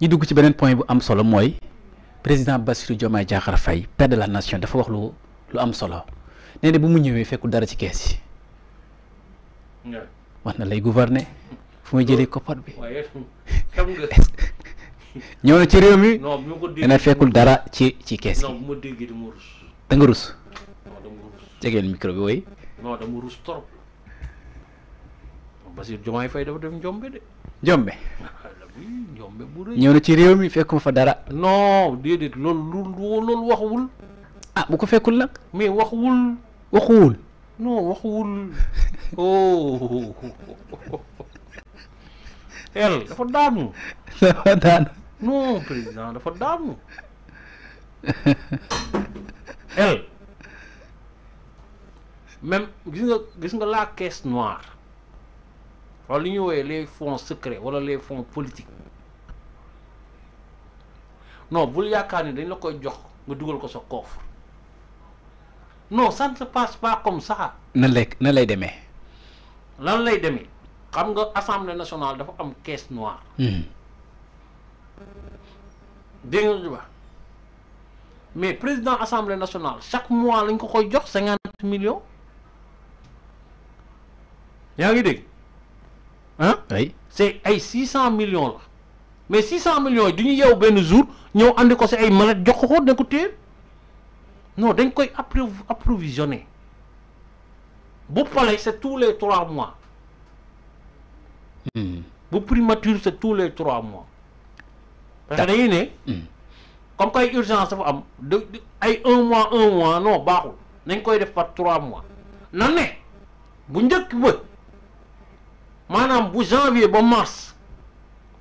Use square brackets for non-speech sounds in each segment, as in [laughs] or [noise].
ñu dugg ci beneen point bu am solo mooy président Bassirou Diomaye Diakhar Faye père de la nation dafa wax lu lu am solo nee na mu ñëwee fekku dara ci kees yi. wax na lay gouverner fu muy jëlee koppar bi. ñëw na ci réew mi. non dana fekkul dara ci ci kees yi. non bu ma déggee dama rus. da nga rus. non dama rus. jegeel trop. Bassirou Diomaye Faye dafa def njombe de. njombe. ñëw na ci réew mi fekkuma fa dara. non déedéet loolu loolu waxuwul. ah bu ko fekkul nag. mais waxuwul. waxuwul. non waxuwul. [laughs] oh. el dafa daanu. dafa daanu. non président dafa daanu. [laughs] gis nga gis nga laa caisse noire wala li ñuy woowee les fonds secrets wala les fonds politiques. non bul yaakaar ni dañ la koy jox nga dugal ko sa coffre non ça ne se passe pas comme ça. na lay na lay demee. lan lay demee xam nga assemblée nationale dafa am caisse noire. Hmm. dégg nga mais président assemblée nationale chaque mois lañ ko koy jox cinquante millions. yaa ngi dégg ah. ay c'est ay six cent millions la. mais 600 millions ils ont ñu jour ils malade jox non dañ koy approvisionné Vous palais c'est tous les trois mois. Vous hmm. primature c'est tous les trois mois. parce que hmm. comme urgence un mois un mois non trois mois. janvier mars.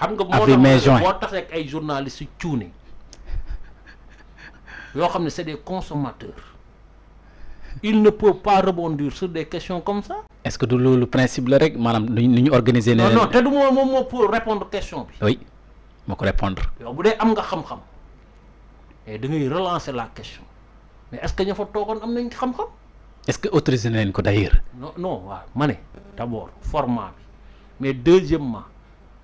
Je nga journalistes [laughs] des consommateurs il ne peut pas rebondir sur des questions comme ça. est-ce que c'est le principe la règle, nous organisons les organiser. non te du moment pour répondre aux questions. oui Je vais répondre. yow bu am nga et da ngay relancer la question mais est-ce que ña fa toogoon am nañ xam-xam. est-ce que autorisé na d'ailleurs. non non Voilà. Mané. d'abord format mais deuxièmement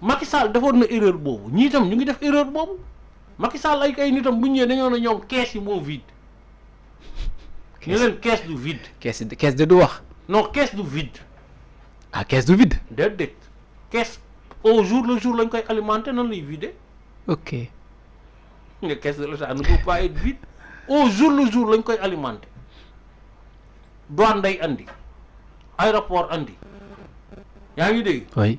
Macky Sall defoon na erreur boobu ñiitam ñu ngi def erreur boobu Macky Sall ay ay nitam bu ñëwee dañoo ne ñoom kees yi moo vide. ñu leen kees du vide. kees kees de du wax. non kees du vide. ah kees du vide. déedéet kees au jour le jour lañ koy alimenter nan lay vider. ok. ne kees de l'État ne peut pas être vide au jour le jour lañ koy alimenter douane day andi aéroport andi yaa ngi dégg.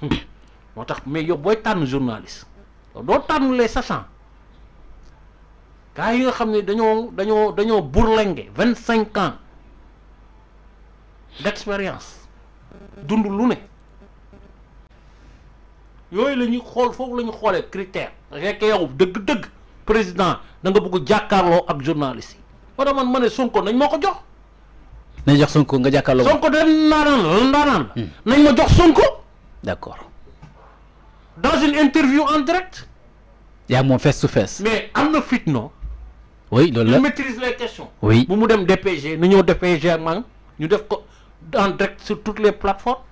[coughs] moo tax mais yow booy tànn journaliste doo tànn les sachants gars yi nga xam ne dañoo dañoo dañoo burlenge vingt cinq ans d'expérience dund lu ne yooyu lañuy xool foofu la ñu xoolee critère rekk yow dëgg-dëgg président da nga bëgg jàkkaarloo ak journaliste yi moo tax man ma ne Sonko nañ moo ko jox nañ jox Sonko nga jàkkaarloo Sonko da ndaanaan la nañ ma jox Sonko D'accord. Dans une interview en direct Il y a mon face-to-face. Mais en fait, non Oui, le, le... Il maîtrise les questions. Oui. Nous sommes DPG, nous sommes DPG, nous sommes en direct sur toutes les plateformes.